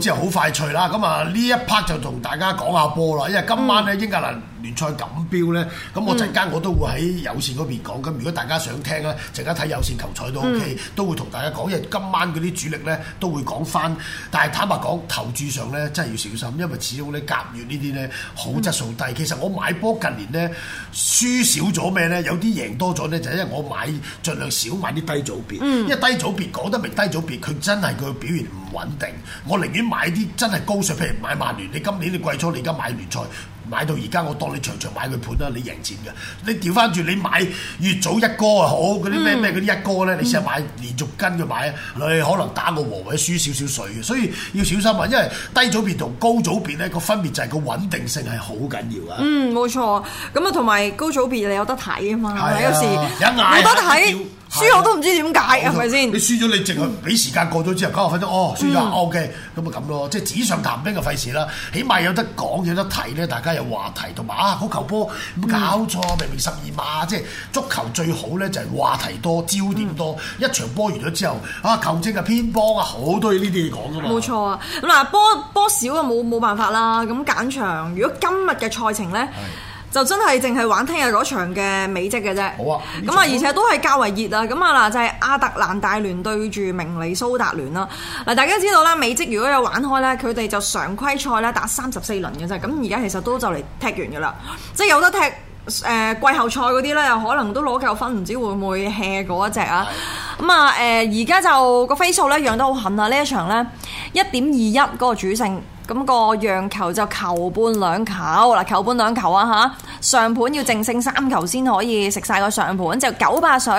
之後好快脆啦，咁啊呢一 part 就同大家講下波啦，因為今晚咧英格蘭。聯賽錦標呢，咁我陣間我都會喺有線嗰邊講。咁、嗯、如果大家想聽咧，陣間睇有線球賽都 O K，都會同大家講。因為今晚嗰啲主力呢，都會講翻，但係坦白講投注上呢，真係要小心，因為始終呢，甲乙呢啲呢，好質素低。嗯、其實我買波近年呢，輸少咗咩呢？有啲贏多咗呢，就係、是、因為我買盡量少買啲低組別，嗯、因為低組別講得明低組別，佢真係佢表現唔穩定。我寧願買啲真係高水，譬如買曼聯。你今年你季初你而家買聯賽。買到而家，我當你場場買佢盤啦，你贏錢嘅。你調翻轉，你買越早一哥啊好，嗰啲咩咩嗰啲一哥咧，你想買連續跟佢買，你、嗯、可能打個和位輸少少，少水嘅，所以要小心啊。因為低組別同高組別咧，個分別就係個穩定性係好緊要啊。嗯，冇錯。咁啊，同埋高組別你有得睇啊嘛，啊有時有，艙 有得睇。有輸我都唔知點解，係咪先？你輸咗你淨係俾時間過咗之後九十分鐘，哦，輸咗，OK，咁啊咁咯、okay，即係紙上談兵就費事啦。起碼有得講，有得睇咧，大家有話題同埋啊，嗰球波搞錯，嗯、明明十二碼，即係足球最好咧就係話題多，焦點多。嗯、一場波完咗之後，啊，球精啊，偏波啊，好多嘢呢啲嘢講㗎嘛。冇錯啊，咁嗱，波波少啊，冇冇辦法啦。咁揀場，如果今日嘅賽程咧。沒錯 就真係淨係玩聽日嗰場嘅美職嘅啫，好啊！咁啊，而且都係較為熱啊！咁啊嗱，就係、是、亞特蘭大聯對住明尼蘇達聯啦。嗱，大家知道啦，美職如果有玩開咧，佢哋就常規賽咧打三十四輪嘅啫。咁而家其實都就嚟踢完嘅啦，即係有得踢誒、呃、季後賽嗰啲咧，又可能都攞夠分，唔知會唔會吃過一隻啊？咁啊誒，而、呃、家就個飛數咧揚得好狠啊！呢一場咧一點二一嗰個主勝。咁個讓球就球半兩球嗱，球半兩球啊嚇，上盤要淨勝三球先可以食晒個上盤，就九百水；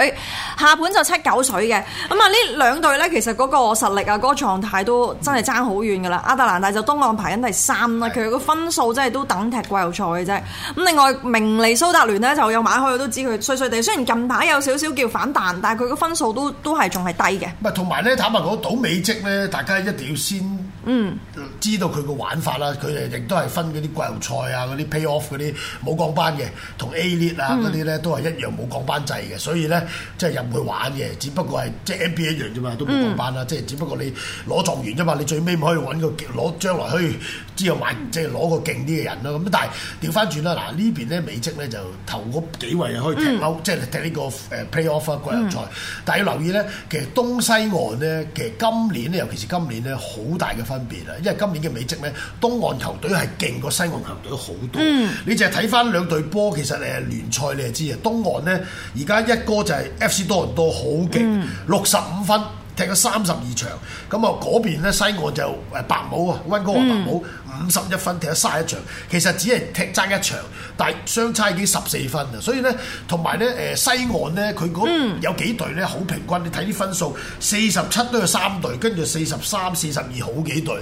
下盤就七九水嘅。咁啊，呢兩隊呢，其實嗰個實力啊，嗰、嗰個狀態都真係爭好遠噶啦。阿、嗯、亞特蘭大就東岸排緊第三啦的，佢個分數真係都等踢季後賽嘅啫。咁另外，明尼蘇達聯呢，就有買開，我都知佢衰衰地，雖然近排有少少叫反彈，但係佢個分數都都係仲係低嘅。同埋呢，坦白講，賭美職呢，大家一定要先。嗯，知道佢個玩法啦，佢哋亦都係分嗰啲季後賽啊，嗰啲 pay off 嗰啲冇降班嘅，同 A 聯啊，嗰啲咧都係一樣冇降班制嘅，嗯、所以咧即係入去玩嘅，只不過係即係 NBA 一樣啫嘛，都冇降班啦，即係、嗯、只不過你攞狀元啫嘛，你最尾咪可以揾個攞將來可以之後玩，即係攞個勁啲嘅人啦，咁但係調翻轉啦，嗱呢邊咧美職咧就頭嗰幾位啊可以踢歐、嗯，即係踢呢個誒 pay off 啊季後賽，嗯、但係要留意咧，其實東西岸咧，其實今年咧，尤其是今年咧，好大嘅。分別啦，因為今年嘅美職咧，東岸球隊係勁過西岸球隊好多。嗯、你淨係睇翻兩隊波，其實誒聯賽你就知啊。東岸咧，而家一哥就係 FC 多倫多，好勁，六十五分，踢咗三十二場。咁啊，嗰邊咧西岸就誒白帽啊，溫哥華白帽。嗯五十一分踢咗卅一場，其實只係踢爭一場，但係相差已經十四分啊！所以呢，同埋呢，誒西岸呢，佢嗰有幾隊呢，好、嗯、平均，你睇啲分數，四十七都有三隊，跟住四十三、四十二好幾隊，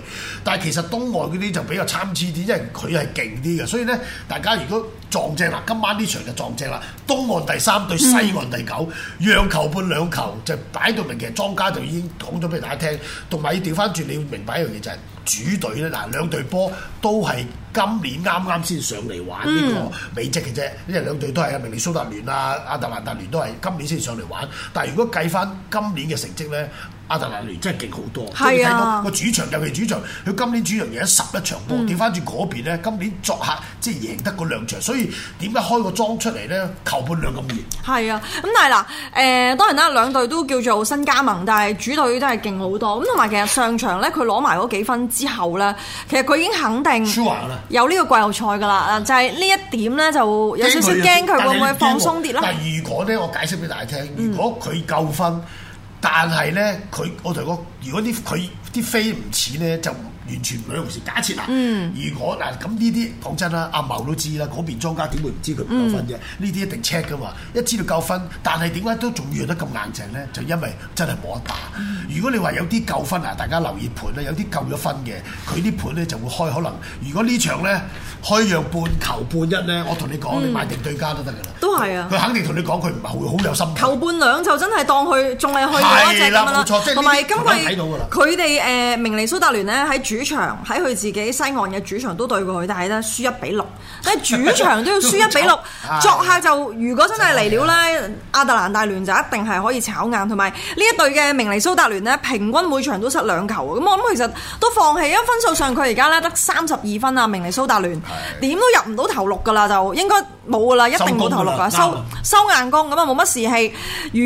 但係其實東岸嗰啲就比較參差啲，因為佢係勁啲嘅。所以呢，大家如果撞正嗱，今晚呢場就撞正啦。東岸第三對西岸第九，嗯、讓球判兩球半兩球就擺到明，其實莊家就已經講咗俾大家聽，同埋要調翻轉，你要明白一樣嘢就係、是。主隊咧，嗱，兩隊波都係。今年啱啱先上嚟玩呢個美職嘅啫，因為兩隊都係阿明尼蘇達聯啊、阿特蘭達聯都係今年先上嚟玩。但係如果計翻今年嘅成績咧，阿特蘭聯真係勁好多。係啊，個主場尤其主場，佢今年主場贏十一場波。掉翻轉嗰邊咧，今年作客即係贏得嗰兩場，所以點解開個莊出嚟咧？球半兩咁熱係啊。咁但係嗱，誒、呃、當然啦，兩隊都叫做新加盟，但係主隊都係勁好多。咁同埋其實上場咧，佢攞埋嗰幾分之後咧，其實佢已經肯定。Sure. 有呢個季後賽㗎啦，就係呢一點咧，就有少少驚佢會唔會放鬆啲啦。但係如果咧，我解釋俾大家聽，如果佢夠分，但係咧，佢我同我如果啲佢啲飛唔似咧，就。完全唔兩回事。假設啊，如果嗱咁呢啲講真啦，阿茂都知啦，嗰邊莊家點會唔知佢唔夠分啫？呢啲、嗯、一定 check 噶嘛。一知道夠分，但係點解都仲讓得咁硬淨咧？就因為真係冇得打。嗯、如果你話有啲夠分啊，大家留意盤啦，有啲夠咗分嘅，佢啲盤咧就會開可能。如果場呢場咧開讓半球半一咧，我同你講，你買定對家都得㗎啦。嗯係啊，佢肯定同你講，佢唔係好好有心。求伴侶就真係當佢仲係去。係啦、啊，冇錯，即係呢啲你睇到㗎啦。同埋今日佢哋誒、明尼蘇達聯咧，喺主場喺佢自己西岸嘅主場都對過佢，但係咧輸一比六。喺主場都要輸一比六，作客就、哎、如果真係嚟了呢，哎、亞特蘭大聯就一定係可以炒硬。同埋呢一隊嘅明尼蘇達聯呢，平均每場都失兩球啊！咁我諗其實都放棄，因為分數上佢而家呢得三十二分啊，明尼蘇達聯點都入唔到頭六㗎啦，就應該。冇噶啦，一定冇投入噶，收收硬工咁啊，冇乜士氣。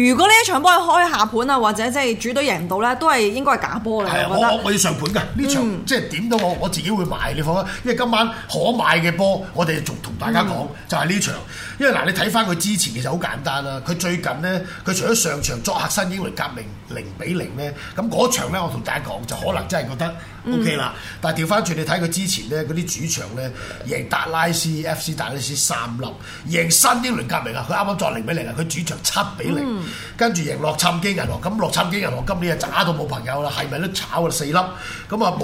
如果呢一場波可以開下盤啊，或者即係主隊贏唔到咧，都係應該係假波嚟。我我我要上盤㗎，呢、嗯、場即係點都我我自己會買。你放心，因為今晚可買嘅波，我哋仲同大家講、嗯、就係呢場。因為嗱，你睇翻佢之前其實好簡單啦。佢最近呢，佢除咗上場作客新英聯革命零比零呢。咁嗰場咧我同大家講就可能真係覺得 OK 啦。嗯、但係調翻轉你睇佢之前呢，嗰啲主場呢，贏達拉斯 FC 達拉斯 0, 三粒。贏新英格蘭革命啦，佢啱啱作零比零啦，佢主場七比零、嗯，跟住贏洛杉磯銀河，咁洛杉磯銀河今年就渣到冇朋友啦，係咪都炒咗四粒？咁啊，主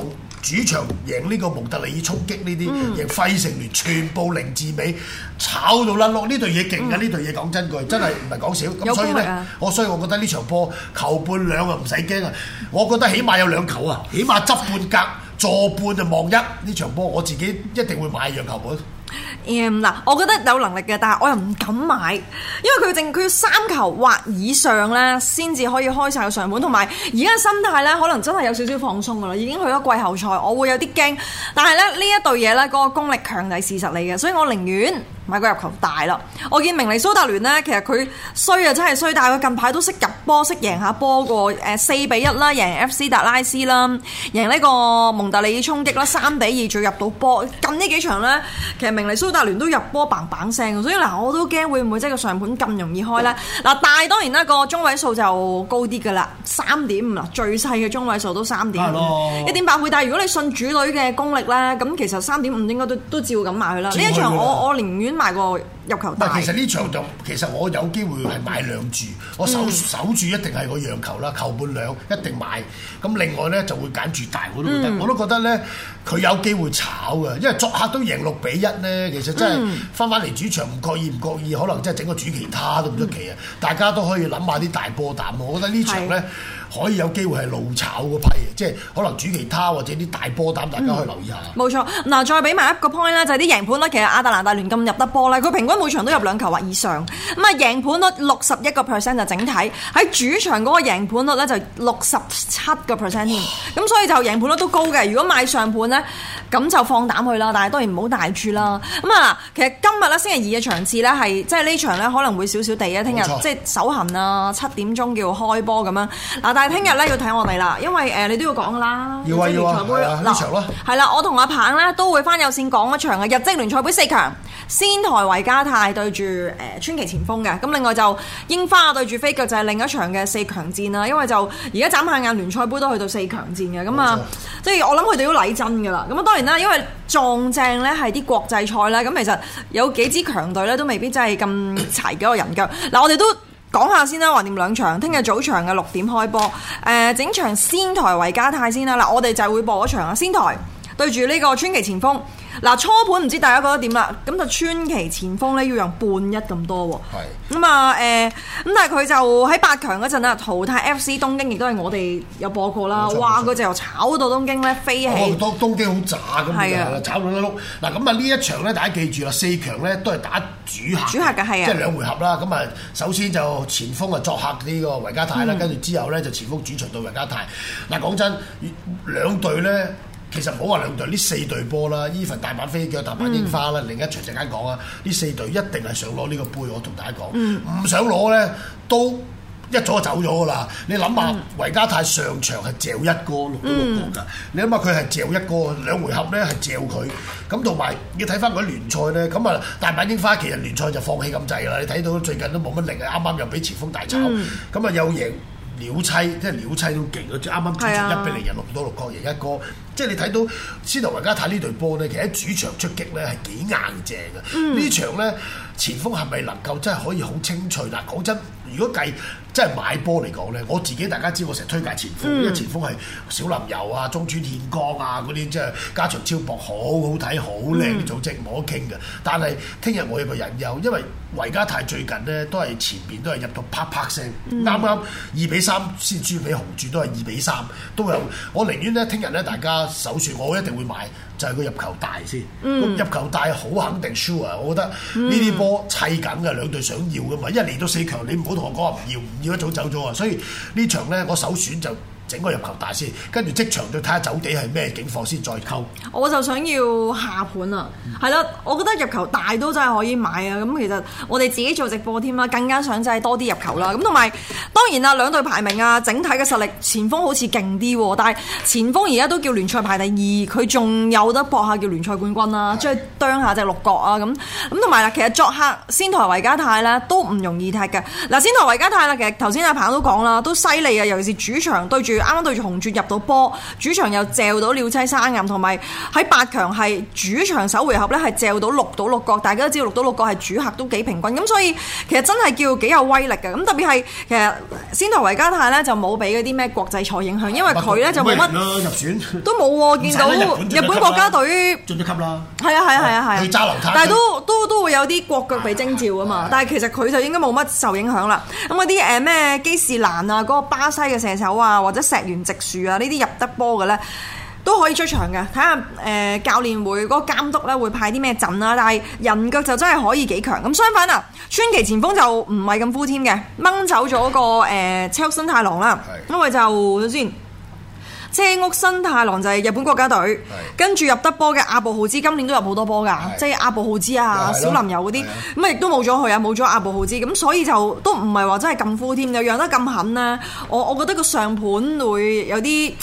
主場贏呢個蒙特利爾衝擊呢啲，贏費、嗯、城聯全部零字尾，炒到甩落呢隊嘢勁噶，呢隊嘢講真句真係唔係講笑。嗯、所以呢啊？我所以我覺得呢場波球，球半兩啊唔使驚啊，我覺得起碼有兩球啊，起碼執半格坐半就望一呢場波，我自己一定會買讓球盤。Um, 我覺得有能力嘅，但係我又唔敢買，因為佢淨佢要三球或以上咧，先至可以開晒個上盤。同埋而家心態咧，可能真係有少少放鬆噶啦，已經去咗季後賽，我會有啲驚。但係咧，呢一隊嘢咧，嗰個功力強係事實嚟嘅，所以我寧願。買個入球大啦，我見明尼蘇達聯呢，其實佢衰啊，真係衰，但佢近排都識入波，識贏下波個誒四比一啦，贏 FC 達拉斯啦，贏呢個蒙特利爾衝擊啦，三比二最入到波，近呢幾場呢，其實明尼蘇達聯都入波棒棒聲，所以嗱我都驚會唔會即係個上盤咁容易開呢？嗱大、嗯、當然啦，個中位數就高啲噶啦，三點五啦，最細嘅中位數都三點 Hello.，一點八倍大。如果你信主女嘅功力呢，咁其實三點五應該都都照咁買啦。呢一場我我寧願。埋個入球其實呢場就其實我有機會係買兩注，我守、嗯、守住一定係個讓球啦，球半兩一定買。咁另外呢，就會揀住大嗰我、嗯、我都覺得呢，佢有機會炒嘅，因為作客都贏六比一呢。其實真係翻返嚟主場唔覺意唔覺意，可能真係整個主其他都唔出奇啊！嗯、大家都可以諗下啲大波膽，我覺得呢場呢。可以有機會係老炒嗰批，即係可能煮其他或者啲大波膽，大家可以留意下。冇、嗯、錯，嗱，再俾埋一個 point 啦，就啲、係、贏盤率。其實亞特蘭大聯咁入得波咧，佢平均每場都入兩球或以上。咁啊，贏盤率六十一個 percent 就整體喺主場嗰個贏盤率咧就六十七個 percent 添。咁 所以就贏盤率都高嘅。如果買上盤咧。咁就放膽去啦，但係當然唔好大注啦。咁啊，其實今日咧星期二嘅場次咧係即係呢場咧可能會少少地啊。聽日沒錯 即係首行啊七點鐘叫開波咁樣嗱，但係聽日咧要睇我哋啦，因為誒你都要講啦，要講要講聯賽杯嗱，係啦盃、啊，我同阿鵬咧都會返有線講一場嘅日職聯賽杯四強，仙台維加泰對住誒川崎前鋒嘅。咁另外就櫻花對住飛腳就係另一場嘅四強戰啦。因為就而家眨下眼,眼聯賽杯都去到四強戰嘅咁啊，即係我諗佢哋都嚟真㗎啦。咁啊當然。因為撞正咧係啲國際賽啦，咁其實有幾支強隊咧都未必真係咁齊腳，個人腳。嗱，我哋都講下先啦，橫掂兩場，聽日早場嘅六點開波，誒、呃，整場仙台維加泰先啦，嗱，我哋就會播一場啊，仙台。對住呢個川崎前鋒，嗱，初盤唔知大家覺得點啦？咁就川崎前鋒咧要讓半一咁多喎。係咁啊，誒咁但係佢就喺八強嗰陣啊，淘汰 FC 東京，亦都係我哋有播過啦。哇！佢就由炒到東京咧飛起。哦、東，東京好渣㗎嘛？係啊的，炒到一碌嗱。咁啊，呢一場咧，大家記住啦，四強咧都係打主客，嘅，即係兩回合啦。咁啊，首先就前鋒啊作客呢個維加泰啦，跟住、嗯、之後咧就前鋒主場對維加泰。嗱，講真，兩隊咧。其實唔好話兩隊，呢四隊波啦，Even 大阪飛腳、大阪櫻花啦，嗯、另一場陣間講啊，呢四隊一定係想攞呢個杯，我同大家講，唔、嗯、想攞呢，都一早就走咗噶啦。你諗下，維加泰上場係嚼一個六六個㗎，嗯、你諗下佢係嚼一個，兩回合呢係嚼佢，咁同埋你睇翻嗰啲聯賽咧，咁啊大阪櫻花其實聯賽就放棄咁滯啦。你睇到最近都冇乜力啊，啱啱又俾前鋒大炒，咁啊又贏。鳥妻即係鳥妻都勁，佢啱啱之前一比零入是、啊、六多六角贏一哥，即係你睇到斯圖維加泰呢隊波咧，其實喺主場出擊咧係幾硬正啊！嗯、場呢場咧前鋒係咪能夠真係可以好清脆？嗱，講真。如果計即係買波嚟講咧，我自己大家知我成日推介前鋒，嗯、因為前鋒係小林佑啊、中村憲剛啊嗰啲，即係加長超薄，好好睇、好靚嘅組織，冇得傾嘅。但係聽日我人有個引誘，因為維加泰最近咧都係前邊都係入到啪啪聲，啱啱二比三先輸俾紅鑽，都係二比三，都有我寧願咧聽日咧大家首選，我一定會買，就係、是、個入球大先。嗯、入球大好肯定 sure，我覺得呢啲波砌緊嘅兩隊想要嘅嘛，一嚟到四強你唔好。我哥唔要，唔要一早走咗啊！所以呢場咧，我首選就。整個入球大先，跟住即場就睇下走地係咩境況先，再溝。我就想要下盤啊，係啦、嗯，我覺得入球大都真係可以買啊。咁其實我哋自己做直播添啦，更加想真係多啲入球啦。咁同埋當然啦，兩隊排名啊，整體嘅實力前鋒好似勁啲喎，但係前鋒而家都叫聯賽排第二，佢仲有得博下叫聯賽冠軍啦，再哚是的 下隻六角啊咁。咁同埋啦，其實作客仙台維加泰咧都唔容易踢嘅。嗱，仙台維加泰啦，其實頭先阿鵬都講啦，都犀利啊，尤其是主場對住。啱啱對住紅鑽入到波，主場又掟到鳥棲砂岩，同埋喺八強係主場首回合咧係掟到六到六角，大家都知道六到六角係主客都幾平均，咁所以其實真係叫幾有威力嘅。咁特別係其實仙台維加泰咧就冇俾嗰啲咩國際賽影響，因為佢咧就冇乜入選都冇見到日本國家隊晉咗級啦。係啊係啊係啊係啊！但係都都都會有啲國腳被徵召啊嘛，但係其實佢就應該冇乜受影響啦。咁嗰啲誒咩基士蘭啊，嗰個巴西嘅射手啊，或者～石原直樹啊，呢啲入得波嘅呢，都可以出場嘅，睇下誒教練會嗰、嗰個監督呢，會派啲咩陣啊？但係人腳就真係可以幾強咁，相反啊，川崎前鋒就唔係咁敷添嘅，掹走咗個誒車屋紳太郎啦，因為的就先。等等車屋新太郎就係日本國家隊，跟住是的 入得波嘅阿布浩之，今年都有好多波㗎，是的 即係阿布浩之啊、小林友嗰啲，咁亦都冇咗佢啊，冇咗阿布浩之，咁所以就都唔係話真係咁富添，又養得咁狠呢。我我覺得個上盤會有啲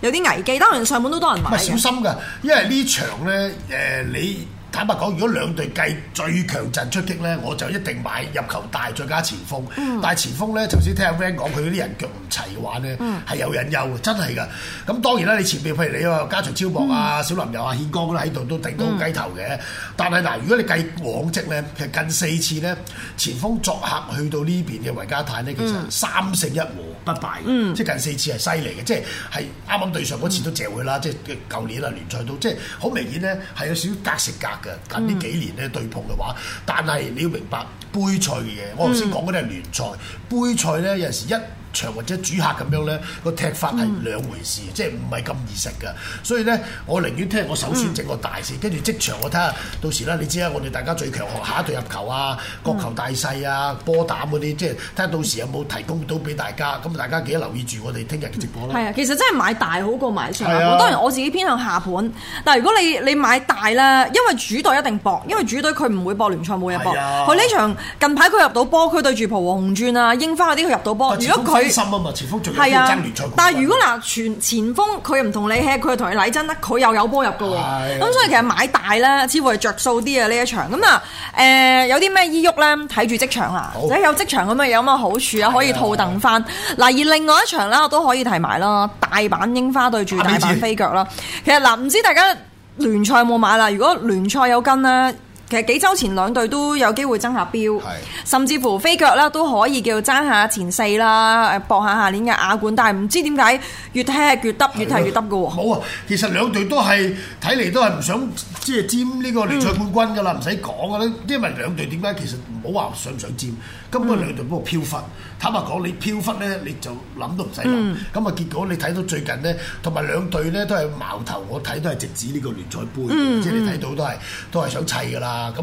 有啲危機，當然上盤都多人買。小心㗎，因為呢場呢，誒、呃、你。坦白講，如果兩隊計最強陣出擊咧，我就一定買入球大，再加前鋒。嗯、但係前鋒咧，頭先聽阿 Van 講，佢嗰啲人腳唔齊挽咧，係、嗯、有隱憂真係㗎。咁當然啦，你前面譬如你話家長昭博啊、嗯、小林悠啊、憲剛啦喺度都頂到雞頭嘅。嗯、但係嗱，如果你計往績咧，其實近四次咧，前鋒作客去到呢邊嘅維加泰咧，其實三勝一和，不敗。即係、嗯、近四次係犀利嘅，即係係啱啱對上嗰次都借會啦，即係舊年啊聯賽都即係好明顯咧，係有少少隔食隔。近呢幾年咧對碰嘅話，但係你要明白杯賽嘅嘢，我頭先講嗰啲係聯賽，杯賽咧，有陣時一場或者主客咁樣咧，個踢法係兩回事，嗯、即係唔係咁易食嘅。所以咧，我寧願聽我首先整個大先，跟住即場我睇下到時啦。你知啦，我哋大家最強學下一隊入球啊，國球大細啊，波膽嗰啲，即係睇下到時有冇提供到俾大家。咁大家記得留意住我哋聽日嘅直播啦。係啊，其實真係買大好過買場。好多人我自己偏向下盤，但係如果你你買大咧，因為主隊一定搏，因為主隊佢唔會搏，聯賽冇嘢搏。佢呢是、啊、場近排佢入到波，佢對住浦和紅鑽啊、櫻花嗰啲佢入到波。如果佢心啊嘛，前鋒仲要攤爭聯賽，但係如果嗱，前前鋒佢又唔同你吃，佢又同你攬真啦，佢又有，有波入嘅喎。咁、哎、呀 所以其實買大咧，似乎係着數啲啊。呢一場咁啊，誒、呃、有啲咩衣喐咧？睇住職場啊，好或者有職場咁啊，有乜好處啊？可以套凳翻嗱。哎、呀而另外一場啦，我都可以提埋啦。大阪櫻花對住大阪飛腳啦。啊、其實嗱，唔知大家聯賽有冇買啦？如果聯賽有跟咧。其實幾周前兩隊都有機會爭下標，的甚至乎飛腳啦都可以叫爭下前四啦，搏下下年嘅亞冠。但係唔知點解越睇越得，的越睇越得嘅喎。冇啊，其實兩隊都係睇嚟都係唔想即係佔呢個聯賽冠軍噶啦，唔使講噶啦。因為兩隊點解其實唔好話想唔想佔，根本兩隊都飄忽。坦白講，你飄忽呢，你就諗都唔使諗。咁啊、嗯，結果你睇到最近呢，同埋兩隊呢，都係矛頭，我睇都係直指呢個聯賽杯。即係你睇到都係都係想砌噶啦。啊，咁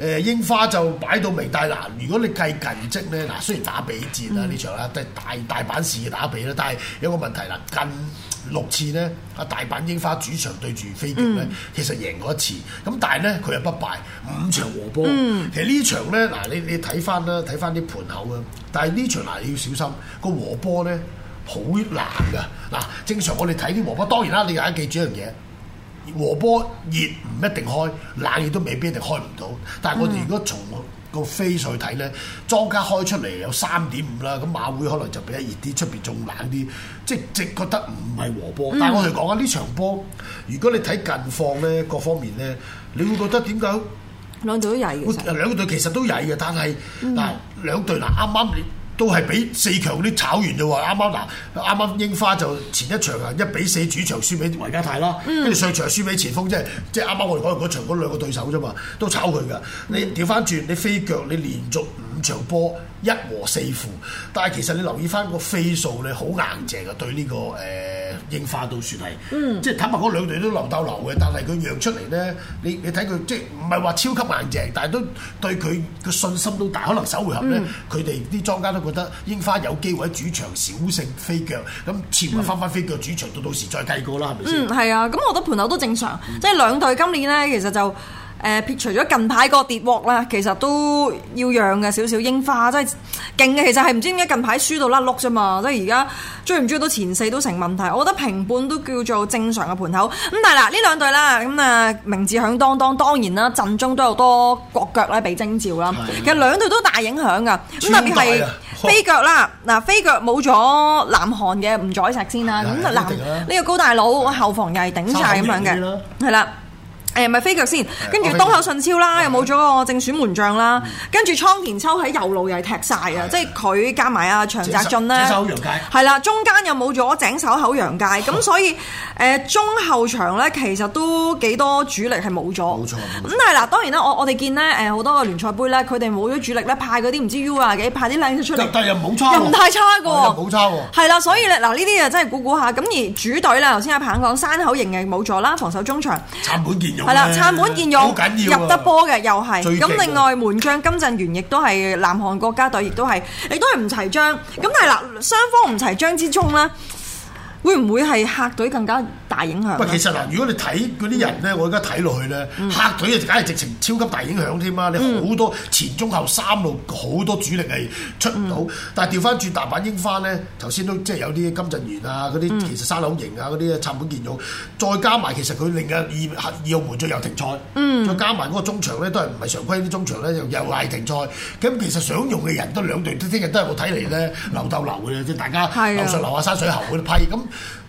誒櫻花就擺到明帶嗱、啊，如果你計近績咧，嗱、啊、雖然打比戰啊，呢、嗯、場啦，都係大大阪市打比啦，但係有個問題啦，近六次咧，阿、啊、大阪櫻花主場對住飛腳咧，嗯、其實贏過一次，咁但係咧佢又不敗五場和波。嗯、其實呢場咧，嗱你你睇翻啦，睇翻啲盤口啊，口但係呢場嗱、啊、你要小心個和波咧好難噶。嗱、啊，正常我哋睇啲和波，當然啦，你又係記住一樣嘢。和波熱唔一定開，冷亦都未必一定開唔到。但係我哋如果從個飛水去睇咧，嗯、莊家開出嚟有三點五啦，咁馬會可能就比較熱啲，出面仲冷啲，即係直覺得唔係和波。但係我哋講啊，呢、嗯、場波如果你睇近況咧，各方面咧，你會覺得點解兩隊都曳嘅？實兩隊其實都曳嘅，但係、嗯、但係兩隊嗱啱啱。剛剛你都係俾四強啲炒完啫喎，啱啱嗱，啱啱櫻花就前一場啊一比四主場輸俾維加泰啦，跟住、嗯、上場輸俾前鋒，即係即係啱啱我哋講嗰場嗰兩個對手啫嘛，都炒佢噶。你調翻轉，你飛腳你連續。場波一和四負，但係其實你留意翻個飛數你好硬淨嘅對呢個誒、呃、櫻花都算係，即係、嗯、坦白講兩隊都留鬥流嘅，但係佢讓出嚟咧，你你睇佢即係唔係話超級硬淨，但係都對佢嘅信心都大，可能首回合咧，佢哋啲莊家都覺得櫻花有機會喺主場小勝飛腳，咁潛埋翻翻飛腳、嗯、主場，到到時再計過啦，係咪先？嗯，係啊，咁我覺得盤口都正常，嗯、即係兩隊今年咧，其實就。誒，撇除咗近排個跌鑊啦，其實都要讓嘅少少。點點櫻花真係勁嘅，其實係唔知點解近排輸到甩碌啫嘛。即係而家追唔追到前四都成問題。我覺得平半都叫做正常嘅盤口。咁但係嗱，呢兩隊啦，咁啊，名字響當當，當然啦陣中都有多國腳咧被徵召啦。的其實兩隊都大影響嘅。咁、啊、特別係飛腳啦，嗱呵飛腳冇咗南韓嘅唔宰石先啦，咁嗱的，呢個高大佬的後防又係頂晒咁樣嘅，係啦。誒咪、欸、飛腳先，跟住東口順超啦，又冇咗個正選門將啦，跟住、嗯、倉田秋喺右路又係踢晒、嗯、啊！即係佢加埋阿長澤俊咧，井手，手口洋介係啦，中間又冇咗井手口洋介，咁 所以誒、呃、中後場咧其實都幾多主力係冇咗，冇錯。咁係啦，當然啦，我我哋見咧誒好多個聯賽杯咧，佢哋冇咗主力咧，派嗰啲唔知 U 廿、啊、幾派啲靚出嚟，又唔差、哦，又唔太差嘅喎，又唔好差喎、哦，係啦，所以咧嗱呢啲啊真係估估下，咁而主隊啦，頭先阿彭講山口螢嘅冇咗啦，防守中場，杉本健係啦，撐滿見用入得波嘅又係，咁另外門將金振元亦都係南韓國家隊，亦都係，亦都係唔齊將。咁但係嗱，雙方唔齊將之中呢。會唔會係客隊更加大影響？唔係，其實嗱，如果你睇嗰啲人咧，我而家睇落去咧，客隊啊，就梗係直情超級大影響添啊！你好多前中後三路好多主力係出唔到，但係調翻轉大阪櫻花咧，頭先都即係有啲金振元啊，嗰啲其實沙柳營啊嗰啲啊趁本健勇，再加埋其實佢另一二客二號門將又停賽，再加埋嗰個中場咧都係唔係常規啲中場咧又又係停賽，咁其實想用嘅人都兩隊都聽日都係我睇嚟咧，流鬥流嘅即係大家樓上樓下山水喉批咁。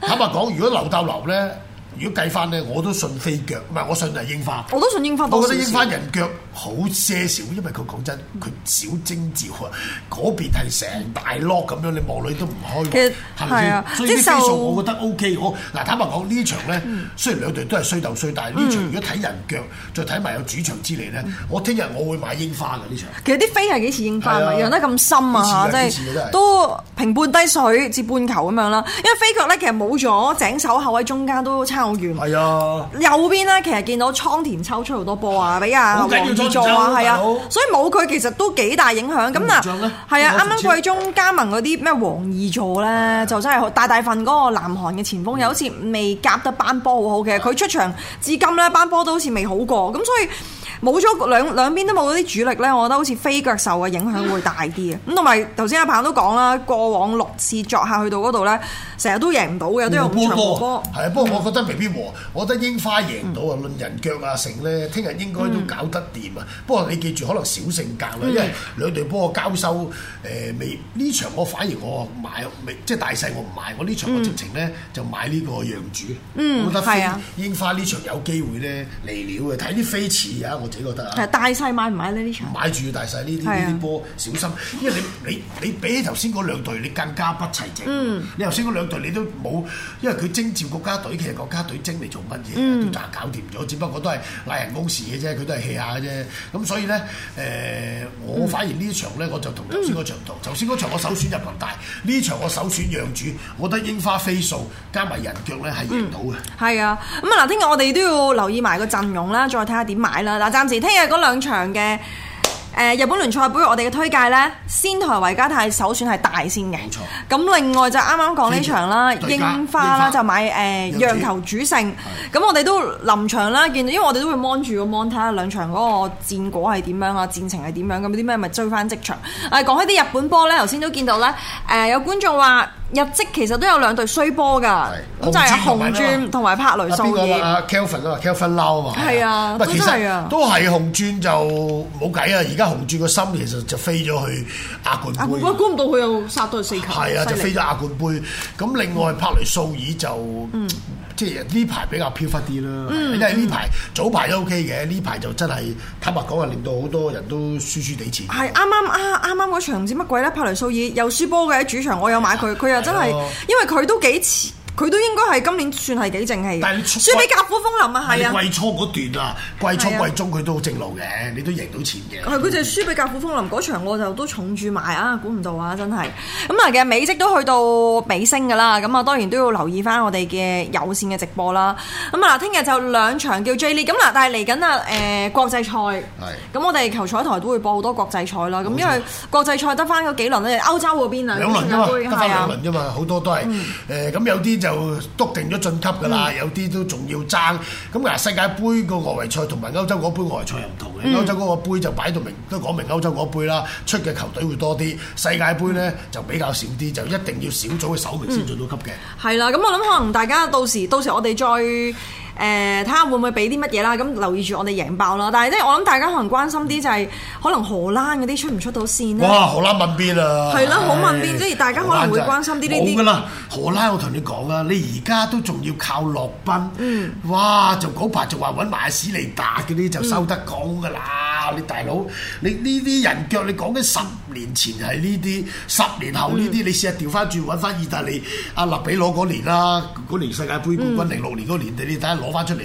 坦白講，如果留到留咧。如果計翻咧，我都信飛腳，唔係我信就係櫻花。我都信櫻花。我覺得櫻花人腳好些少，因為佢講真，佢少徵召啊。嗰邊係成大粒咁樣，你望落都唔開。嘅係啊，所以啲飛數我覺得 O K。我嗱，坦白講，呢場咧雖然兩隊都係衰鬥衰，但係呢場如果睇人腳，再睇埋有主場之利咧，我聽日我會買櫻花㗎呢場。其實啲飛係幾似櫻花啊？養得咁深啊，真係都平半低水至半球咁樣啦。因為飛腳咧，其實冇咗井手後喺中間都差。係啊，右邊咧，其實見到倉田抽出好多波對啊，俾阿黃義助啊，係啊，所以冇佢其實都幾大影響。咁嗱，係那啊，啱啱季中加盟嗰啲咩黃義助咧，啊、就真係大大份嗰個南韓嘅前鋒，又好似未夾得班波好好嘅，佢、啊、出場至今咧，班波都好似未好過，咁所以。冇咗兩兩邊都冇嗰啲主力咧，我覺得好似飛腳受嘅影響會大啲嘅。咁同埋頭先阿鵬都講啦，過往六次作客去到嗰度咧，成日都贏唔到嘅，都有場波。係啊、嗯，不過我覺得未必和。我覺得櫻花贏到啊，嗯、論人腳啊成咧，聽日應該都搞得掂啊。不過、嗯、你記住，可能小性格啦，因為兩隊波交收，誒未呢場我反而我買，未即係大細我唔買。我呢場我直情咧就買呢個讓主。嗯，我覺得，係啊。櫻花呢場有機會咧嚟料嘅，睇啲飛詞啊。係大細買唔買呢呢場？買住大細呢啲呢啲波小心，因為你你你比起頭先嗰兩隊你更加不齊整。嗯，你頭先嗰兩隊你都冇，因為佢徵召國家隊，其實國家隊徵嚟做乜嘢？就係搞掂咗，只不過都係揦人工事嘅啫，佢都係 hea 下啫。咁所以咧，誒，我反而呢場咧，我就同頭先嗰場同。頭先嗰場我首選入雲大，呢場我首選讓主，我覺得櫻花飛掃加埋人腳咧係贏到嘅。係啊，咁啊嗱，聽日我哋都要留意埋個陣容啦，再睇下點買啦，暫時聽日嗰兩場嘅誒、呃、日本聯賽杯，我哋嘅推介呢，仙台維加泰首選係大先嘅，咁錯另外就啱啱講呢場啦，哪櫻花啦就買誒讓、呃、球主勝。咁此、嗯、我哋都臨場啦，見到，因為我哋都會芒住個芒，睇下兩場嗰個戰果係點樣啊，戰情係點樣咁啲咩咪追翻即場。誒講開啲日本波呢，頭先都見到呢，誒、呃、有觀眾話。日職其實都有兩隊衰波㗎，是紅尊 就係紅鑽同埋柏雷素爾。阿 Kelvin 啊，Kelvin Low 啊，係啊，都真係啊，都係紅鑽就冇計啊！而家、啊啊、紅鑽個心其實就飛咗去亞冠杯，我估唔到佢又殺到四球，係啊，就飛咗亞冠杯。咁另外柏雷素爾就嗯。嗯即係呢排比較飄忽啲啦，嗯、因為呢排、嗯、早排都 OK 嘅，呢排就真係坦白講啊，令到好多人都輸輸地錢。係啱啱啱啱啱嗰場唔知乜鬼咧，帕雷蘇爾又輸波嘅喺主場，我有買佢，佢又的真係的因為佢都幾賠。佢都應該係今年算係幾正氣嘅，輸俾甲府風林啊，係啊！季初嗰段啊，季初季中佢都好正路嘅，的你都贏到錢嘅。佢就係輸俾甲府風林嗰場，我就都重注埋啊！估唔到啊，真係咁啊其實美績都去到尾聲㗎啦。咁啊，當然都要留意翻我哋嘅有線嘅直播啦。咁啊，聽日就兩場叫 J League 咁嗱，但係嚟緊啊誒國際賽，咁的我哋球彩台都會播好多國際賽啦。咁錯因為國際賽得翻嗰幾輪咧，歐洲嗰邊輪杯啊，兩輪啫嘛，好多都係誒咁有啲就。就篤定咗晉級㗎啦，嗯、有啲都仲要爭。咁、啊、嗱，世界盃個外圍賽同埋歐洲嗰杯外圍賽又唔同嘅。嗯、歐洲嗰個杯就擺到明，都講明歐洲嗰杯啦。出嘅球隊會多啲，世界盃呢、嗯、就比較少啲，就一定要小組嘅首名先進到級嘅。係啦、嗯，咁我諗可能大家到時到時我哋再。誒睇下會唔會俾啲乜嘢啦，咁留意住我哋贏爆啦！但係即係我諗大家可能關心啲就係，可能荷蘭嗰啲出唔出到線咧？哇！荷蘭問邊啊？係啦、啊，好問邊啫？哎、大家可能會關心啲呢啲。好噶啦，荷蘭我同你講啊，嗯、你而家都仲要靠落賓。嗯。哇！就嗰排就話揾埋斯嚟打嗰啲就收得講噶啦。嗯。你大佬，你呢啲人腳，你講緊十年前係呢啲，十年後呢啲，你試下調翻轉，揾翻意大利阿勒、啊、比攞嗰年啦，嗰年世界杯冠軍，軍，零、嗯、六年嗰年，你你睇下攞翻出嚟。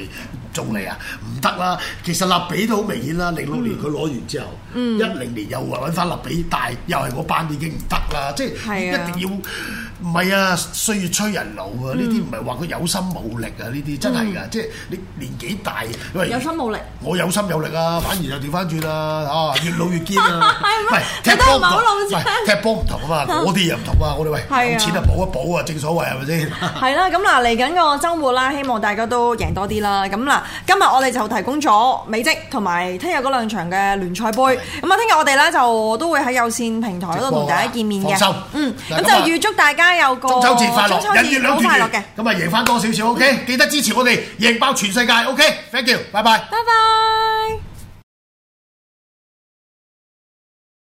仲嚟啊，唔得啦！其實立比都好明顯啦，零六年佢攞完之後，一零年又揾翻立比，但係又係個班已經唔得啦，即係一定要唔係啊，歲月催人老啊！呢啲唔係話佢有心冇力啊，呢啲真係㗎，即係你年紀大喂，有心冇力，我有心有力啊，反而又調翻轉啦，啊越老越堅啊，唔係踢波唔同，踢波唔同啊嘛，嗰啲又唔同啊，我哋喂用錢啊補一補啊，正所謂係咪先？係啦，咁嗱嚟緊個週末啦，希望大家都贏多啲啦，咁嗱。今日我哋就提供咗美職同埋聽日嗰兩場嘅聯賽杯，咁啊聽日我哋咧就都會喺有綫平台度同大家見面嘅，啊、嗯，咁就是預祝大家有個中秋節快樂，人月兩團圓嘅，咁啊贏翻多少少、嗯、，OK，記得支持我哋贏爆全世界，OK，thank、OK? you，拜拜，拜拜。